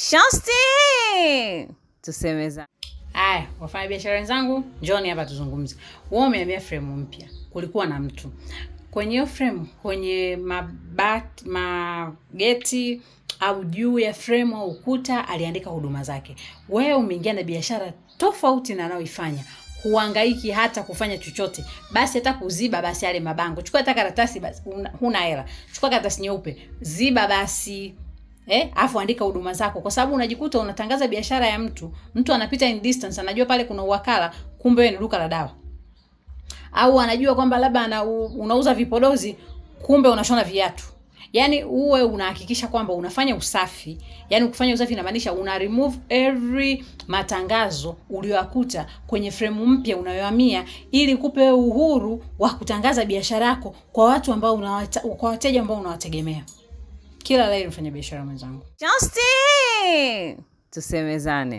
Shosti, tusemeza wafanya biashara wenzangu, njoni hapa tuzungumze. Wewe umeambia fremu mpya, kulikuwa na mtu kwenye hiyo fremu, kwenye mabati, mageti au juu ya fremu au ukuta, aliandika huduma zake. Wewe umeingia na biashara tofauti na anayoifanya huangaiki hata kufanya chochote, basi hata kuziba basi yale mabango. Chukua hata karatasi basi, huna hela, chukua karatasi nyeupe, ziba basi eh, afu andika huduma zako, kwa sababu unajikuta unatangaza biashara ya mtu, mtu anapita in distance, anajua pale kuna uwakala, kumbe wewe ni duka la dawa, au anajua kwamba labda ana, unauza vipodozi, kumbe unashona viatu. Yani uwe unahakikisha kwamba unafanya usafi. Yani ukifanya usafi inamaanisha una remove every matangazo uliyoyakuta kwenye fremu mpya unayohamia, ili kupe uhuru wa kutangaza biashara yako kwa watu ambao unawata, kwa wateja ambao unawategemea. Kila lai heri biashara mwenzangu. Justin, tusemezane.